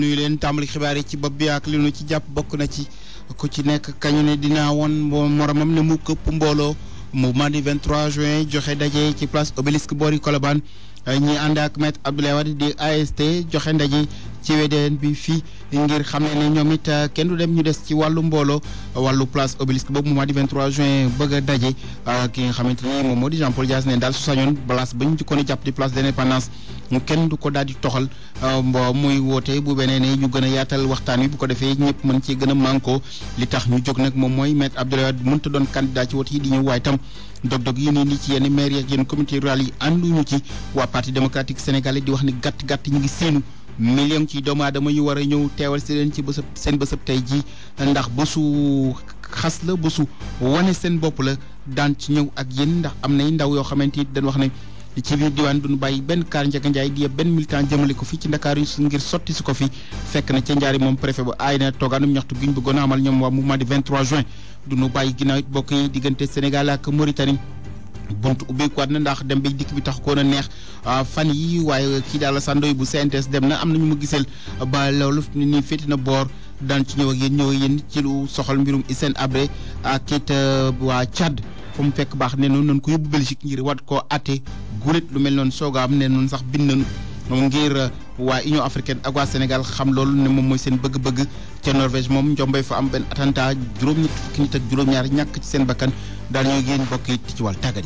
nuyu leen tàmbali xibaar yi ci bopp bi ak li nu ci jàpp bokk na ci ku ci nekk kañu ne dinaa woon moromam ne mu këpp mbooloo mouvement du 23 juin joxe daje ci place obélisque boori Colobane ñi ànd ak maître Abdoulaye Wade di AST joxe ndaje ci VDN bi fii ngir xam ne ñoom it euh, kenn du dem ñu des ci wàllu mbooloo wàllu place obélisque boobu mois di 23 juin bëgg a daje euh, ki nga xamante ni moom moo di Jean Paul Dias ne daal su sañoon place ba ñu ci ko jàpp di place d'indépendance mu kenn du ko daal di toxal euh, mboo muy wootee bu beneen ne ñu gën a yaatal waxtaan wi bu ko defee ñëpp mën ci gën a manko li tax ñu jóg nag moom mooy maître Abdoulaye Wade mënta doon candidat ci wote yi di ñëw waaye tam dog-dog yi ne nii ci yenn maire yeeg yenn communauté rurales yi ànduñu ci waa parti démocratique sénégalais di wax ni gàtt gàtt ñu ngi séenu million ci doomu aadama yu war a ñëw teewal si leen ci bësëb seen bësëb tey jii ndax bësu xas la bësu wane seen bopp la daan ci ñëw ak yéen ndax am nay ndaw yoo xamante ni dañ wax ne li ci biir diwaan duñu bàyyi benn kaar Ndiaga Ndiaye di yeb benn militant jëmale ko fii ci Dakar yu ngir sotti si ko fi fekk na ca njaari moom préfet ba aay na toogaanum ñaxtu gi ñu bëggoon a amal ñoom waa mouvement du 23 juin duñu bàyyi ginnaaw it bokk yi diggante Sénégal ak Mauritanie bunt ubbeekuwaat na ndax dem bay dikk bi tax koon a neex ah, fan yi waaye kii daal sàndoy bu CNTS dem na am na nañu mu giseel ba loolu ni féeti na boor daan ci ñëw ak yéen ñëw yéen ci lu soxal mbirum Hissène Habré ak it ah, waa Tchad mu fekk baax ne noonu nañ ko yóbbu Belgique ngir wat koo atte gulit lu mel noonu soog a ne noonu sax bind nañu ngir euh, waa Union africaine ak waa Sénégal xam loolu ne moom mooy seen bëgg-bëgg ca Norvège moom njombay fa am benn attentat juróom-ñett fukki nit ak ñàkk ci seen bakkan daal ñoo génn bokk it ci wàllu tàggat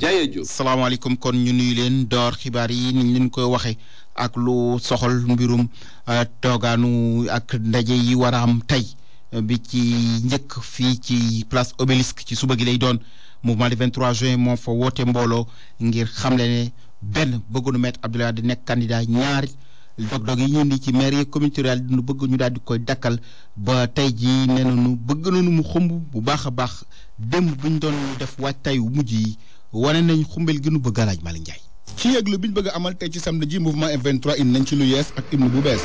yaram. kon ñu nuyu leen door xibaar yi ni ñu leen koy waxee ak lu soxal mbirum euh, toogaanu ak ndaje yi war a am tey. bi ci njëkk fii ci place obélisque ci suba gi lay doon mouvement du 23 juin moo fa woote mbooloo ngir xamle ne benn bëggoonu maître Abdoulaye Wade nekk candidat ñaari dog-dog yi ñu indi ci maire yi communauté rurale bëgg ñu daal di koy dakkal ba tey jii nee nañu bëgg nañu mu xumb bu baax a baax démb buñ doon def waajtaay wu mujj yi wane nañ xumbel gi nu bëgg alaaj Malick Ndiaye. ci yëglu bi ñu bëgg a amal tey ci samedi ji mouvement M23 in nañ ci lu yees ak hymne bu bees.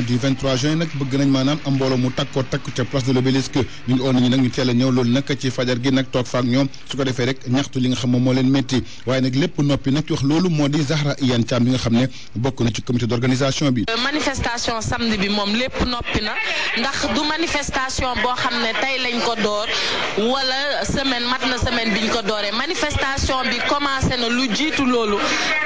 mois juin nag bëgg nañ maanaam am mbooloo mu takkoo takk ca place de l'obélisque ñu ngi oo nit ñi ñu teel ñëw loolu nag ci fajar gi nag toog faak ñoom su ko defee rek ñaxtu li nga xam moo leen métti waaye nag lépp noppi nag ci wax loolu moo di Zahra Iyane Thiam bi nga xam ne bokk na ci comité d'organisation bi manifestation samedi bi moom lépp noppi na ndax du manifestation boo xam ne tey lañ ko door wala semaine na semaine biñ ko dooree manifestation bi commencé na lu jiitu loolu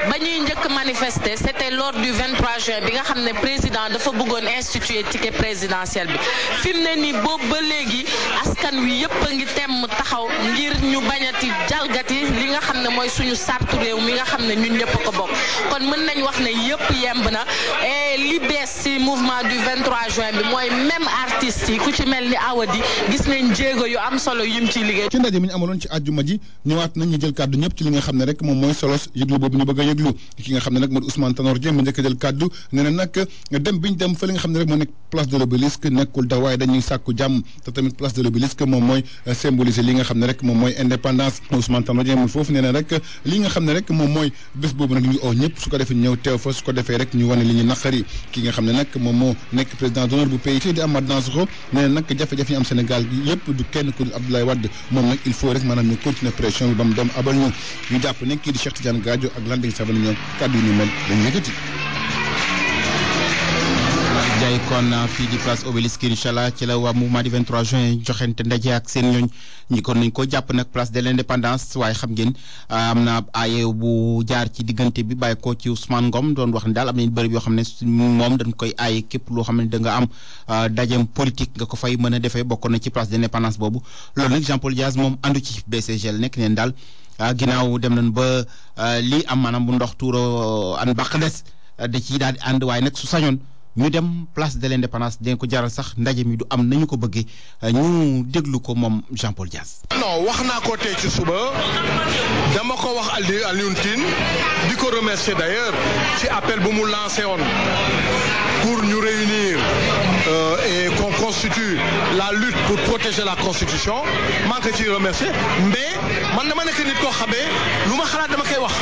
ba ñuy njëkk manifester c'était lors du 23 juin bi nga xam ne président dafa bëggoon instituer ticket présidentiel bi fi mu ne nii boobu ba léegi askan wi yëpp a ngi temm taxaw ngir ñu bañati jalgati li nga xam ne mooy suñu sartu réew mi nga xam ne ñun ñëpp ko bokk kon mën nañu wax ne yëpp yemb na et li bees ci mouvement du 23 juin bi mooy même artistes yi ku ci mel ni Awadi gis nañ jéego yu am solo yu yim ci liggéey. amoon nekkul da dañuy sàkku jàmm te tamit place de l'Obélisque moom mooy euh, symboliser li nga xam ne rek moom mooy indépendance Ousmane Tanor mu foofu nee na li nga xam ne rek moom mooy bés boobu nag ñu oo ñëpp su ko defee ñëw teew fa su ko defee rek ñu wane li ñu naqari ki nga xam ne nag moom moo nekk président d'honneur bu pays di Amath Dansokho nee na nag jafe-jafe ñu am Sénégal yëpp du kenn ku Abdoulaye Wade moom nag il faut def maanaam ñu continuer pression bi ba mu dem abal ñu ñu jàpp ne kii di Cheikh Tidiane Gadio ak Landing Savané ñoom kàddu yi ni mel dañu yëkkati Malick Ndiaye kon ah, fii di place Obélisque incha ci la waa mouvement du 23 juin joxente ndaje ak seen ñooñ ñi kon nañ ko jàpp nag place de l'indépendance waaye xam ngeen ah, am na aaye bu jaar ci diggante bi bàyyi ko ci Ousmane Ngom doon wax ne daal am nañ bërëb yoo xam ne moom dañ koy aaye képp loo xam ne da nga am ah, dajem politique nga ko fay mën a defee bokkoon na ci place de l'indépendance boobu loolu nag Jean Paul Diaz moom andu ci BCG nekk neen daal ginnaaw dem nañ ba lii am maanaam bu ndox tuuro an baq des da ciy daal di ànd waaye nag su sañoon ñu dem place de l'indépendance danga ko jaral sax ndaje mi du am nañu ko bëggee ñu déglu ko moom Jean Paul Diaz. non wax naa ko tey ci suba dama ko wax Aliou Alioune di ko remercier d'ailleurs ci appel bu mu lancé woon pour ñu réunir euh, et qu'on constitue la lutte pour protéger la constitution maa ngi ko ciy remercier mais man dama nekk nit koo xamee lu ma xalaat dama koy wax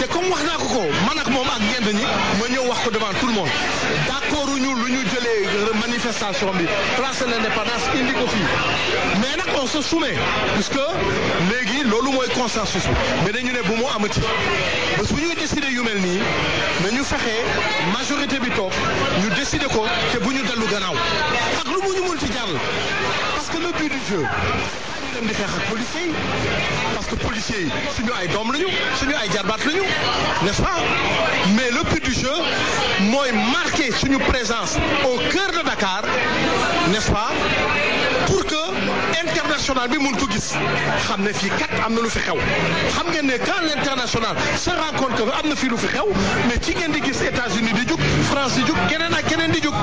te comme wax naa ko ko man ak moom ak ñenn ñi ma ñëw wax ko devant tout le monde. d'accord ñu lu ñu jëlee manifestation bi place de l'indépendance indi ko fii mais nag on se soumet que léegi loolu mooy consensus bi mais dañu ne bu mu amati parce que bu ñuy décider yu mel nii nañu fexe majorité bi toog ñu décider ko te bu ñu dellu gannaaw ak lu mu ñu mën ci jàll parce que le but du jeu dem di xeex ak policiers yi parce que policiers yi suñu ay doom lañu suñu ay jarbaat lañu n'est-ce pas mais le but du jeu mooy marquer suñu présence au cœur de Dakar nest pas pour que international bi mun ko gis xam ne fii kat am na lu fi xew xam ngeen ne quand l'international se rend compte que am na fii lu fi xew mais ci ngeen di gis États-Unis di jug France di jug keneen ak keneen di jug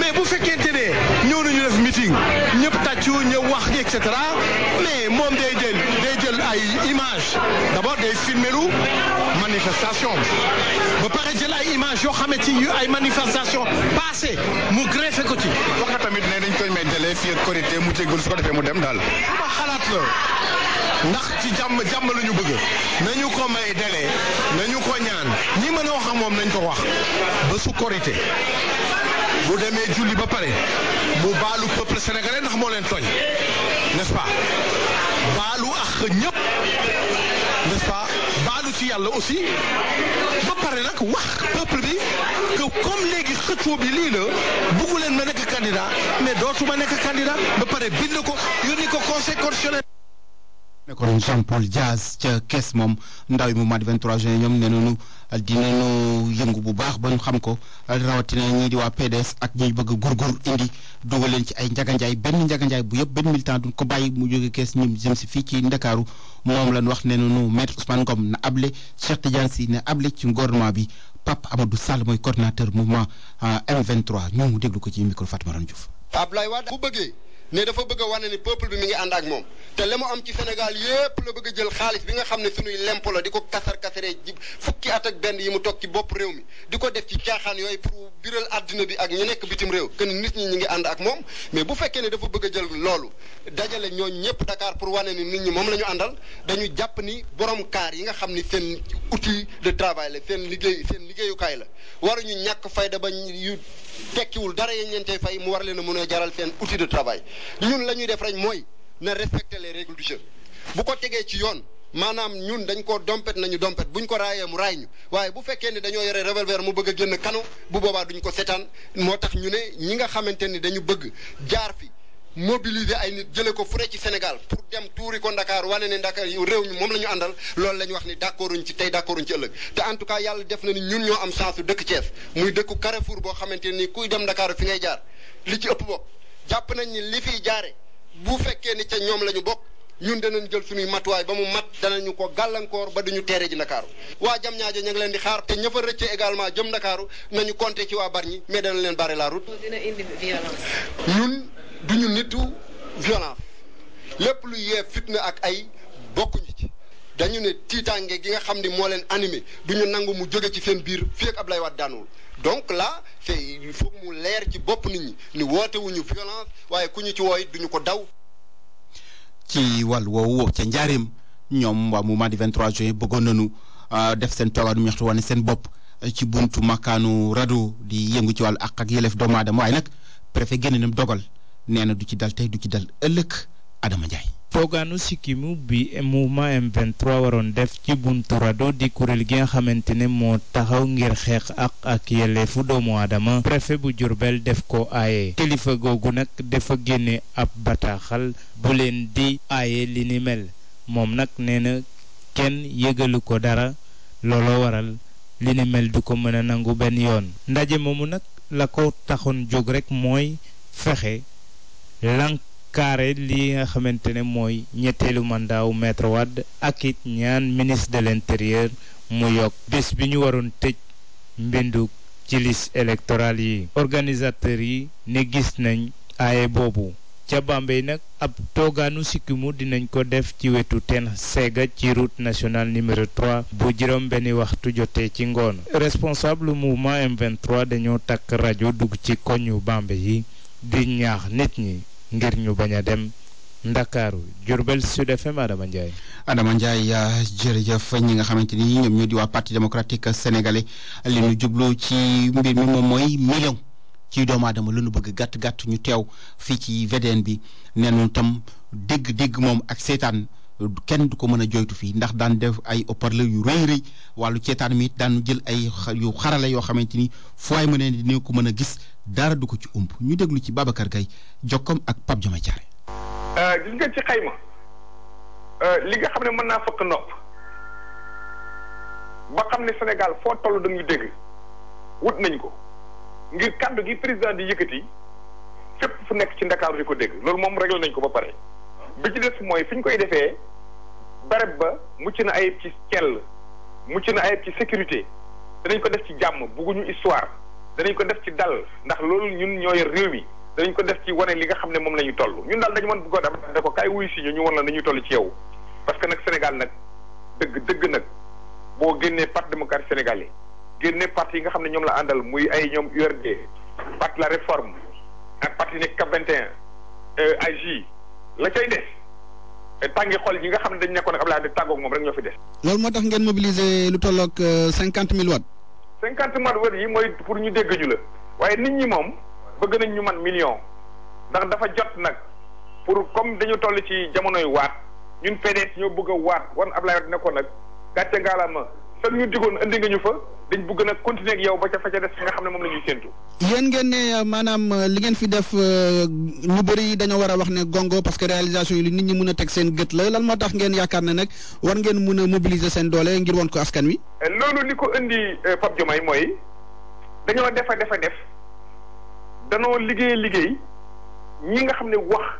mais bu fekkente ne ñëw nañu def meeting ñëpp tàccu ñëw wax et cetera mais moom day jël day jël ay image d'abord de filmer lu manifestation ba pare jël ay image yoo xamante yu ay manifestation passé mu greffé ko ci wax tamit ne dañ koy médalee fii ak mu dem daal. lu ma xalaat la ndax ci jàmm jàmm la ñu bëgg nañu ko may délai nañu ko ñaan ñi mën a wax ak moom nañ ko wax ba su korité bu demee julli ba pare mu baalu peuple sénégalais ndax moo leen tooñ n'est-ce baalu ak ñëpp n'est-ce dellu ci yàlla aussi ba pare nag wax peuple bi que comme léegi xëccoo bi lii la buggu ma nekk candidat mais dootuma nekk candidat ba pare bind ko yónni ko conseil constitutionnel nekkoon Jean Paul Diaz moom ndaw mu mat 23 juin ñoom ne nañu yëngu bu baax ba ñu xam ko rawatina ñii di waa PDS ak ñuy bëgg góorgóor indi dugal ci ay njaganjaay benn njaganjaay bu yëpp benn militant duñ ko bàyyi mu jóge kees ñim jëm si fii ci Ndakaaru moom lañ wax ne nu maître Ousmane Ngom na able Cheikh Tidiane Sy na able ci gouvernement bi Pape Amadou Sall mooy coordonnateur mouvement euh, M23 ñu déglu ko ci micro Fatma Ram Diouf. Abdoulaye bu bëggee. ne dafa bëgg a wane ni peuple bi mu ngi ànd ak moom te la mu am ci Sénégal yépp la bëgg jël xaalis bi nga xam ne sunuy lempo la di ko kasar kasaree ji fukki at ak benn yi mu toog ci bopp réew mi di ko def ci caaxaan yooyu pour biral àddina bi ak ñu nekk bitim réew que nit ñi ñu ngi ànd ak moom mais bu fekkee ne dafa bëgg a jël loolu dajale ñooñu ñëpp Dakar pour wane ni nit ñi moom lañu ñu àndal dañu jàpp ni borom kaar yi nga xam ni seen outil de travail la seen liggéey seen liggéeyukaay la waruñu ñàkk fayda ba yu tekkiwul dara yéen leen tey fay mu war leen a mën a jaral seen outil de travail ñun lañuy def rek mooy na respecter les règles du jeu bu ko tegee ci yoon maanaam ñun dañ ko dompet nañu dompet buñ ko raayee mu raay ñu waaye bu fekkee ni dañoo yore revolver mu bëgg a génn kanu bu boobaa duñ ko seetaan moo tax ñu ne ñi nga xamante ni dañu bëgg jaar fi mobiliser :fra ay nit jële ko fu ne ci Sénégal pour :fra dem tuuri ko Dakar wane ne Dakar yow réew mi moom la ñu àndal loolu lañu wax ni d' :fra ci tey d' :fra accord :fra duñ ci ëllëg te en :fra tout :fra cas :fra yàlla def na ni ñun ñoo am chance dëkk Thiès muy dëkku carrefour :fra boo xamante ni kuy dem ndakaaru fi ngay jaar li ci ëpp bokk jàpp nañ li fiy jaare bu fekkee ni ca ñoom la ñu bokk ñun danañ jël suñuy matuwaay ba mu mat danañu ko gàllankoor ba du ñu teree ji Ndakaaru waa Diamniadio ñu ngi leen di xaar te ña fa rëcc également :fra jëm Ndakaaru nañu compter :fra leen barrer la :fra du ñu nitu violence lépp lu yee fitna ak ay bokkuñu ci dañu ne tiitaange gi nga xam ni moo leen animé duñu ñu nangu mu jóge ci seen biir fii ak lay Wade daanuwul donc la c'est il faut mu leer ci bopp nit ñi ni woote violence waaye ku ñu ci wooy duñu ko daw. ci wàll woowu ca njaareem ñoom waa mouvement du 23 juin bëggoon nañu euh, def seen toogaanu ñaxtu wane seen bopp ci buntu makkaanu rado di yëngu ci wàllu àq ak yelleef doomu aadama waaye nag préfet génne na dogal. nee na du ci dal du ci dal ëllëg Adama Ndiaye. sikkimu bi mouvement ma 23 waroon def ci buntu rado di kuréel gi nga xamante ne moo taxaw ngir xeex ak ak yelleefu doomu aadama préfet bu Diourbel def ko aaye kilifa googu nag dafa génne ab bataaxal bu leen di aaye li ni mel moom nag nee na kenn yëgalu ko dara looloo waral li ni mel du ko mën nangu benn yoon ndaje moomu nag la ko taxoon jóg rek mooy fexe lankaare li nga xamante ne mooy ñetteelu mandat wu maître ak it ñaan ministre de l'intérieur mu yokk bés bi ñu waroon tëj mbindu ci liste électorale yi organisateurs yi ne gis nañ aaye boobu ca yi nag ab toogaanu sikkimu dinañ ko def ci wetu ten seega ci route nationale numéro 3 bu juróom benni waxtu jotee ci ngoon responsable mu M23 dañoo takk rajo dugg ci koñu bambe yi di ñaax nit ñi ngir ñu bañ dem Ndakaaru Diourbel Sud FM Adama Ndiaye. Adama Ndiaye jërëjëf ñi nga xamante ni ñoom ñoo di waa parti démocratique sénégalais li ñu jubloo ci mbir mi moom mooy million ci doomu aadama lu bëgg gàtt gàtt ñu teew fii ci VDN bi nee nañu tam dégg-dégg moom ak seetaan. kenn du ko mën a joytu fii ndax daan def ay haut yu rëy rëy wàllu ceetaan mi daan jël ay yu xarale yoo xamante ni foo ay mën ne dina ko mën a gis dara du ko ci ump ñu déglu ci Babacar Gaye jokkoom ak Pape Diome Thiaré. Euh, gis nga ci xayma euh, li nga xam ne mën naa fëkk nopp ba xam ne Sénégal foo toll dañuy dégg wut nañ ko ngir kàddu gi président di yëkkati fépp fu nekk ci Ndakaaru di ko dégg loolu moom réglé nañ ko ba pare bi ci des mooy fi ñu koy defee barab ba mucc na ayib ci kell mucc na ayib ci sécurité danañ ko def ci jàmm bugguñu histoire. danañ ko def ci dal ndax loolu ñun ñoo yor réew mi danañ ko def ci wane li nga xam ne moom la ñu toll ñun daal dañu mën bu ko def ne ko si ñu ñu wan la nañu toll ci yow. parce que nag Sénégal nag dëgg dëgg nag boo génnee parti démocratique sénégalais génne parti yi nga xam ne ñoom la àndal muy ay ñoom URD parti la réforme ak parti nekk CAP 21 AJ la cay des. tàngi xool yi nga xam ne dañ nekkoon ak Abdoulaye di tàggoog moom rek ñoo fi des. loolu moo tax ngeen mobiliser lu tolloog euh, cinquante mille watt. cinquante mat wër yi mooy pour ñu dégg ñu la waaye nit ñi moom bëgg nañ ñu man million ndax dafa jot nag pour comme dañu toll ci jamonoy waat ñun PDS ñoo bëgg a waat wan ab Wade ne ko nag gàcce ngaalama fan ñu digoon andi nga ñu fa dañ bugg nag continuer ak yow ba ca fa ca des nga xam ne moom la ñuy séntu. yéen ngeen ne euh, maanaam euh, li ngeen fi def lu euh, bëri dañoo war a wax ne gongo parce que réalisation yi nit ñi mën a teg seen gët la lan moo tax ngeen yaakaar ne nag war ngeen mën a mobiliser seen doole ngir won ko askan wi. loolu li ko indi Pape Diomaye mooy dañoo defa defa def danoo liggéey liggéey ñi nga xam ne wax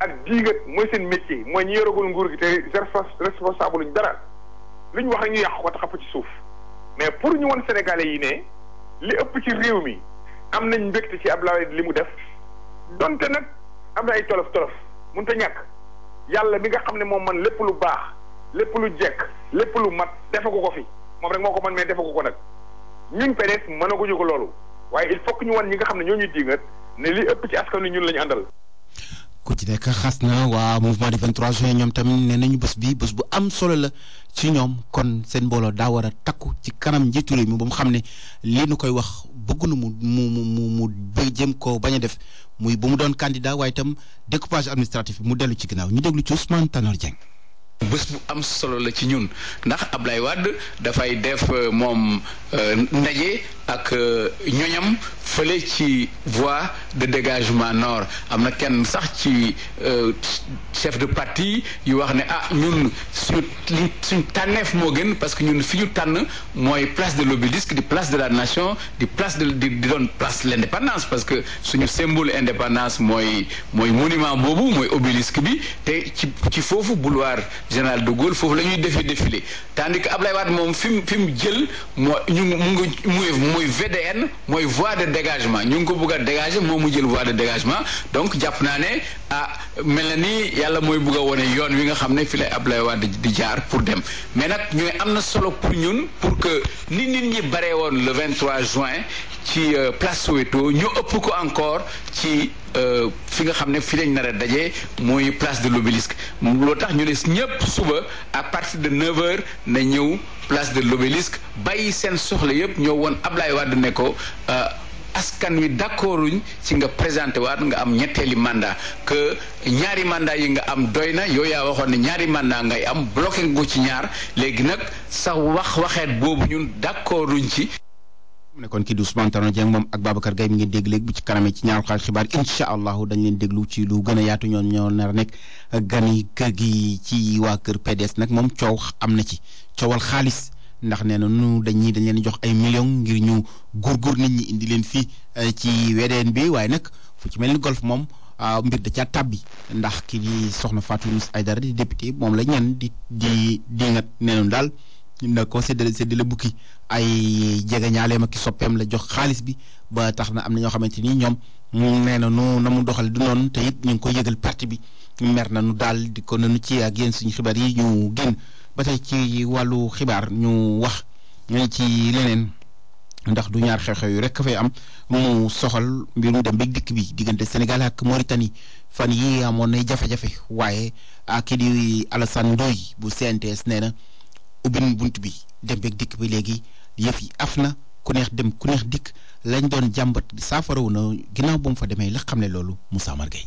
ak diigat mooy seen métier mooy ñi yoragul nguur gi te responsable luñ dara. lu ñu wax ñu yàq ko taxaw ci suuf mais pour ñu won sénégalais yi ne li ëpp ci réew mi am nañ mbégte ci Abdoulaye li mu def donte nag am na ay tolof tolof mun te ñàkk yàlla mi nga xam ne moom man lépp lu baax lépp lu jekk lépp lu mat defagu ko fi moom rek moo ko man mais defagu ko nag ñun PDS mënaguñu ko loolu waaye il faut ñu wan ñi nga xam ne ñoo ñuy diingat ne li ëpp ci askan wi ñun la ñu àndal. ku ci nekk xas na waa mouvement du 23 juin ñoom tamit nee nañu bés bi bés bu am solo la ci ñoom kon seen mbooloo daa war a takku ci kanam njiitu réew mi ba mu xam ne lii nu koy wax bëgg na mu mu mu mu mu jëm ko bañ a def muy bu mu doon candidat waaye itam découpage administratif bi mu dellu ci ginnaaw ñu déglu ci Ousmane Tanor Dieng. bës bu am solo la ci ñun ndax ab Ablaye Wade dafay def euh, moom euh, ndaje ak euh, ñooñam fële ci voie de dégagement nord am na kenn sax ci chef de parti yu wax ne ah ñun suñu li suñ tànneef moo gën parce que ñun fi ñu tànn mooy place de l'Obélisque di place de la nation di place de di doon place l'indépendance parce que suñu symbole indépendance mooy mooy monument boobu mooy obélisque bi te ci ci foofu boulevard général de Gaulle foofu la ñuy défi défilé tandis que Ablaye waat moom fi mu fi mu jël moo ñu mu ngi muy muy VDN mooy voie de dégagement ñu ngi ko bëgg a dégager moom mu jël voie de dégagement donc jàpp naa ne ah mel na ni yàlla mooy bëgg a wone yoon wi nga xam ne fi lay Ablaye Wade di jaar pour dem mais nag ñooy am na solo pour ñun pour que nit ñi bare woon le 23 juin ci euh, place Soweto ñu ëpp ko encore ci. Euh, fi nga xam ne fi lañ nar a dajee mooy place de l'obélisque loo tax ñu ne ñëpp suba à partir de 9 heure na ñëw place de l'obélisque bàyyi seen soxla yëpp ñoo woon Ablaye Wade ne ko euh, askan wi d'accorduñ ci nga présenté waat nga am ñetteeli mandat que ñaari mandat yi nga am doy na yow yaa waxoon ne ñaari mandat ngay am bloqué nga ko ci ñaar léegi nag sa wax waxeet boobu ñun d'accorduñ ci mu nekkoon kii di Ousmane Tanor Dieng moom ak Babacar Gueye mi ngi dégg léegi bu ci kanamee ci ñaaru xaal dañ leen déglu ci lu gën a yaatu ñoo nar nekk gan yi kër gi ci waa kër PDS nag moom coow am na ci coowal xaalis ndax nee na nu dañuy dañ leen jox ay million ngir ñu góorgóor nit ñi indi leen fii eh, ci wedeen bi waaye nag fu ci mel ni golf moom ah, mbir da caa bi ndax kii di soxna Fatou Miss Aïdara di député moom la ñan di di di nga nee daal. na ko séddale la bukki ay jegeñaaleem ak soppeem la jox xaalis bi ba tax na am na ñoo xamante ni ñoom nee na nu na mu doxal du noonu te it ñu ngi koy yëgal parti bi mer na nu daal di ko nanu ci ak yéen suñu xibaar yi ñu génn ba tey ci wàllu xibaar ñu wax ñu ci leneen. ndax du ñaar xew-xew yu rek fay am mu soxal mbirum dem ba dikk bi diggante Sénégal ak Mauritanie fan yi amoon na jafe-jafe waaye kii di Alassane Ndoye bu CNTS nee na ubbi bunt bi dem beeg dikk bi léegi yëf yi af na ku neex dem ku neex dikk lañ doon jàmbat saafarawu na ginnaaw ba mu fa demee la xam ne loolu Moussa Omar yi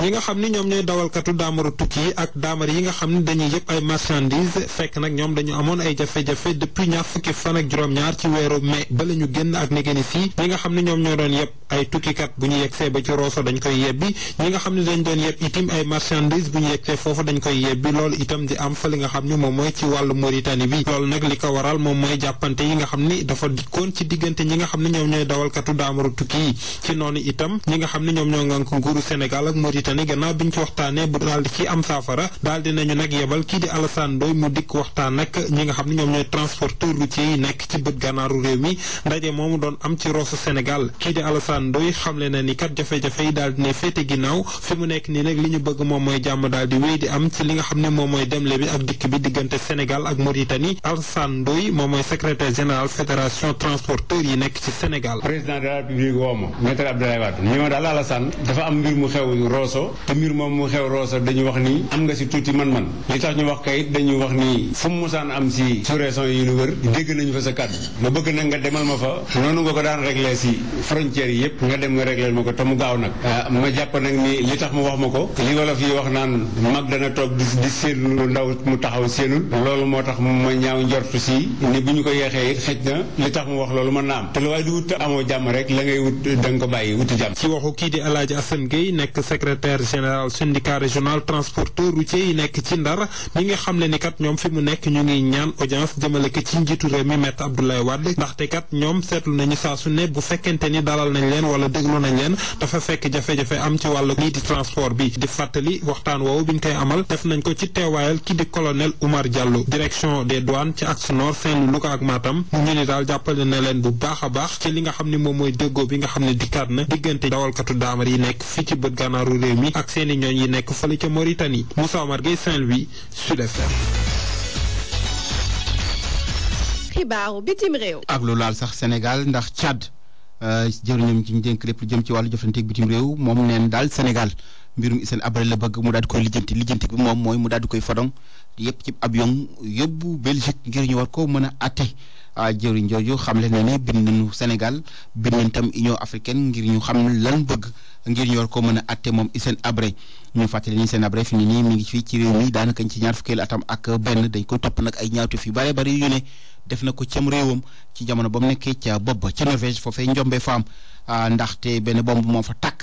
ñi nga xam ni ñoom ñooy dawalkatu daamaru tukki yi ak daamar yi nga xam ne dañuy yëpp ay marchandises fekk nag ñoom dañu amoon ay jafe-jafe depuis ñaar fukki fan ak juróom-ñaar ci weeru mai ba la génn ak negeni fii ñi nga xam ne ñoom ñoo doon yëpp ay tukkikat bu ñu yegsee ba ci dañ koy yebbi ñi nga xam ne dañ doon ay marchandises bu ñu foofu dañ koy yebbi loolu itam di am fa li nga xam ni moom mooy ci wàllu Mauritanie bi loolu nag li ko waral moom mooy jàppante yi nga xam ni dafa dikkoon ci diggante ñi nga xam ne ñoom ñooy dawalkatu daamaru tukki yi ci noonu itam ñi nga xam ne ñoom ñoo ngànk nguuru Sénégal ak Mauritanie Mauritanie gannaaw bi ñu ci waxtaanee bu daal di ci am saafara daal nañu nag yebal kii di Alassane Ndoye mu dikk waxtaan nag ñi nga xam ne ñoom ñooy transporteur routier yi nekk ci bët gànnaaru réew mi ndaje moomu doon am ci Rosso Sénégal kii di Alassane Ndoye xamle na ni kat jafe-jafe yi daal di ne féete ginnaaw fi mu nekk nii nag li ñu bëgg moom mooy jàmm daal di wéy di am ci li nga xam ne moom mooy demle bi ak dikk bi diggante Sénégal ak Mauritanie Alassane Ndoye moom mooy secrétaire général fédération transporteur yi nekk ci Sénégal président de la Rosso te mbir moom mu xew Rosso dañu wax ni am nga si tuuti man-man li tax ñu wax kayit dañu wax ni fu mu mosaan am si sous-région yi ñu wër dégg nañu fa sa kàddu ma bëgg nag nga demal ma fa noonu nga ko daan réglé si frontières yi yëpp nga dem nga réglé ma ko te mu gaaw nag ah, ma jàpp nag ni li tax mu wax ma ko li wolof yi wax naan mag dana toog di di lu ndaw mu taxaw séenul loolu moo tax ma ñaaw njortu si ni bu ñu ko yeexee xëj na li tax mu wax loolu mën naa am te lu waaye di wut jàmm la ngay wut da nga ko bàyyi wuti jàmm secrétaire général syndicat régional transporteur routier yi nekk ci ndar mi ngi xam le ni kat ñoom fi mu nekk ñu ngi ñaan audience jëmale ko ci njiitu réew mi Maître Abdoulaye Wade ndaxte kat ñoom seetlu nañu saa ne bu fekkente ni dalal nañ leen wala déglu nañ leen dafa fekk jafe-jafe am ci wàllu lii di transport bi di fàttali waxtaan woowu biñ koy amal def nañ ko ci teewaayal ki di colonel Oumar Diallo direction des douanes ci axe nord Saint-Louis Louga ak Matam mu ñu daal jàppale a baax réew mi ak seeni ñooñ yi nekk fële ca Mauritanie Moussa Omar Gueye Saint-Louis Sud FM xibaaru bitim réew ak laal sax Sénégal ndax Tchad euh, jëriñam ci ñu dénk lépp lu jëm ci wàllu jëflanteeg bitim réew moom neen daal Sénégal mbirum Hissène Habré la bëgg mu daal di koy lijjanti moom mooy mu daal di koy fadong yëpp ci avion yóbbu Belgique ngir ñu war ko mën a a ah, jëriñ jooju xam le bind nañu Sénégal bind nañ tam Union africaine ngir ñu xam lan bëgg ngir ñu war ko mën a atte moom Hissène Habré ñu fàttali ni Hissène Habré fi mu nii mi ngi fii ci réew mi daanaka ci ñaar fukkeelu atam ak benn dañ ko topp nag ay ñaawteef yu bare bari yu ne def na ko cam réewam ci jamono ba mu nekkee ca bopp ca Norvège foofee njombe faam ah, ndaxte benn bomb moo fa tàkk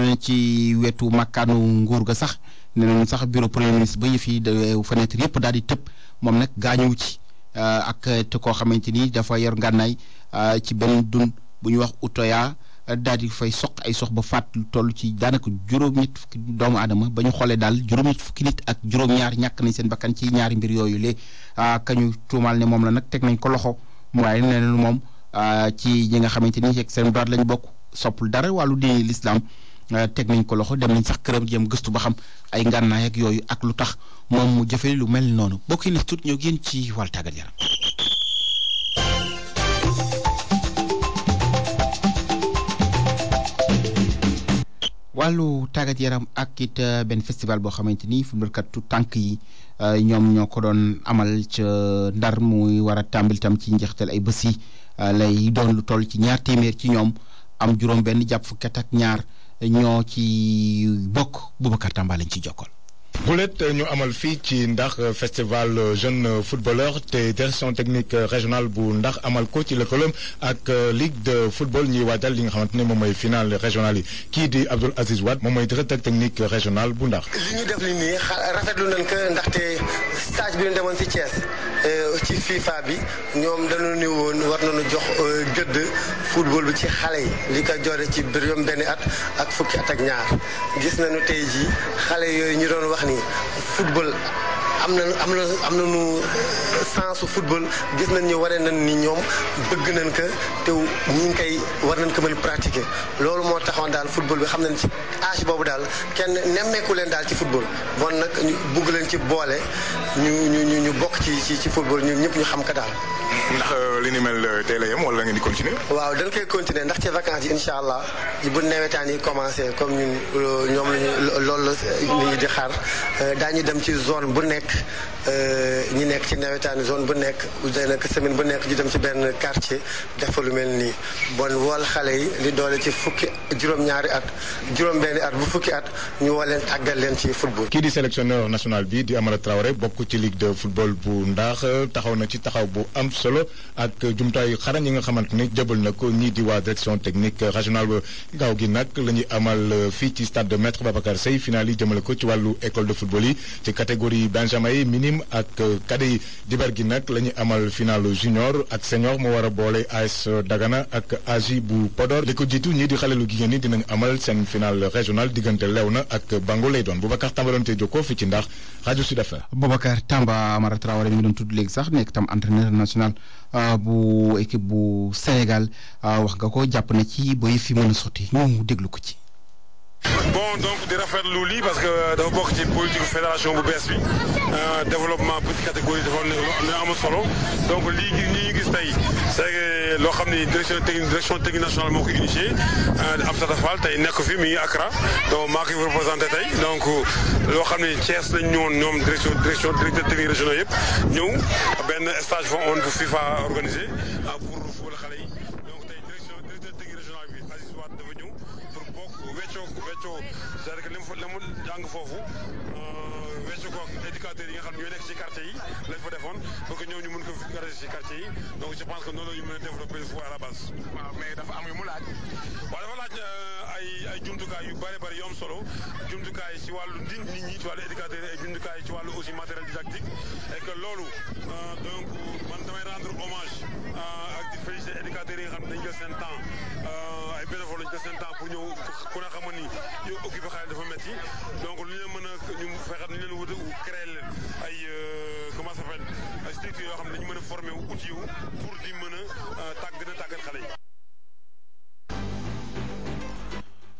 eh, ci wetu makkaanu nguur ga sax ne nañu sax bureau premier ministre ba yëf yi eh, fenêtre yëpp daal di tëb moom nag gaañuwu ci eh, ak te koo xamante ni dafa yor ngànnaay ci benn dun bu ñu wax utoya daal di fay soq ay sox ba faat lu toll ci daanaka juróom-ñett fukki doomu aadama ba ñu xoolee daal juróom-ñett fukki nit ak juróom-ñaar ñàkk nañ seen bakkan ci ñaari mbir yooyu lee ah, kañu tuumaal ne moom la nag teg nañ ko loxo waaye nee na moom ah, ci ñi nga xamante ni seen doot lañ bokk soppul dara wàllu diine lislaam ah, teg nañ ko loxo dem nañ sax këram jëm gëstu ba xam ay ngànnaay ak yooyu ak lu tax moom mu jëfe lu mel noonu bokk yi nag tuut ñoo génn ci wàllu tàggat yaram wàllu tàggat yaram ak it euh, benn festival boo xamante ni footballkatu tànk yi euh, ñoom ñoo ko doon amal ca euh, Ndar muy war a tàmbali tam ci njeextal ay bés lay doon lu toll ci ñaar téeméer ci ñoom am juróom-benn jàpp fukki ak ñaar ñoo ci bokk Boubacar Tamba lañ ci jokkool. Goulet ñu amal fii ci Ndar festival jeune footballeur te direction technique régionale bu ndax amal ko ci lëkkaloom ak ligue de football ñuy waajal li nga xamante ne moom mooy final régional yi kii di Abdoul Aziz Wade moom mooy directeur technique régional bu Ndar. li ñu def li nii rafetlu nañ ko ndaxte stage bi ñu demoon ci Thiès euh, ci FIFA bi ñoom dañu ne woon war nañu jox euh, gëdd football bi ci xale yi li ko joore ci juróom benn at ak fukki at ak ñaar ni football am na am na am nañu sens football gis nañ ni wane nañ ni ñoom bëgg nañ ko te ñu ngi koy war nañ ko mën pratiquer loolu moo taxoon daal football bi xam nañ ci âge boobu daal kenn nemmeeku leen daal ci football bon nag ñu bugg leen ci boole ñu ñu ñu bokk ci ci ci football ñu ñëpp ñu xam ka daal. ndax euh, li ni mel euh, tey la yem wala ngeen di continuer. waaw dañ koy continuer ndax ci vacances yi incha allah bu nawetaan yi commencé comme ñu euh, ñoom la ñu loolu la ñuy di xaar daañu dem ci zone bu nekk. Euh, ñi nekk ci nawetaan zone bu nekk daanaka semaine bu nekk ñu dem ci benn quartier dafa lu mel nii. bon wool xale yi li doole ci fukki juróom-ñaari at juróom-benni at bu fukki at ñu woo leen tàggal leen ci football. kii di sélectionneur national bi di Amara Traoré bokk ci ligue de football bu ndax taxaw na ci taxaw bu am solo ak jumtaayu xarañ yi nga xamante ni jëbal na ko ñii di waa direction technique régionale gaaw gi nag la ñuy amal fii ci stade de maître Babacar Seye final yi jëmale ko ci wàllu école de football yi may minime ak euh, cadet yi diber gi nag la ñu amal final junior ak senior mu war a boole AS Dagana ak AJ bu Podor li ko jiitu ñii di xalelu jigéen ñi dinañ amal seen final régional diggante lew Léona ak Bango lay doon Boubacar Tamba doon tey jokkoo fi ci ndax rajo Sud FM. Boubacar Tamba Amara Traoré mi ngi doon tudd léegi sax nekk tam entraîneur national euh, bu équipe bu Sénégal euh, wax nga ko jàpp na ci ba fi mën a sotti ñu déglu ko ci. bon donc di rafetlu lii parce que euh, dafa bokk ci politique fédération bu bees bi euh, développement petite catégorie dafa ne lu am solo donc lii ngi ñu gis tey c' est que loo xam ne direction technique direction technique nationale moo ko initié euh, Amsata Fall tey nekk fi mi ngi Accra donc maa ngi fi représenté tey donc loo xam ne Thiès lañ ñëwoon ñoom direction direction directeur technique régionaux yëpp ñëw benn stage fo on bu FIFA organisé jàng foofu indicateurs yi nga xam ne ñooy nekk ci quartier yi lañ fa defoon pour que ñoom ñu mën ko garder ci quartier yi donc je pense que noonu la ñu mën a développer foofu à la base. waaw mais dafa am yu mu laaj. waaw dafa laaj euh, ay ay jumtukaay yu bëri bëri yu am solo jumtukaay ci wàllu ne dañu jël seen temps euh, ne ñu leen mën a ñu fexe ñu leen parallèle ay euh, comment ça s'appelle ay structures yoo xam ne dañu mën a formé wu outillé wu pour di mën a euh, tàgg gën a tàggat xale yi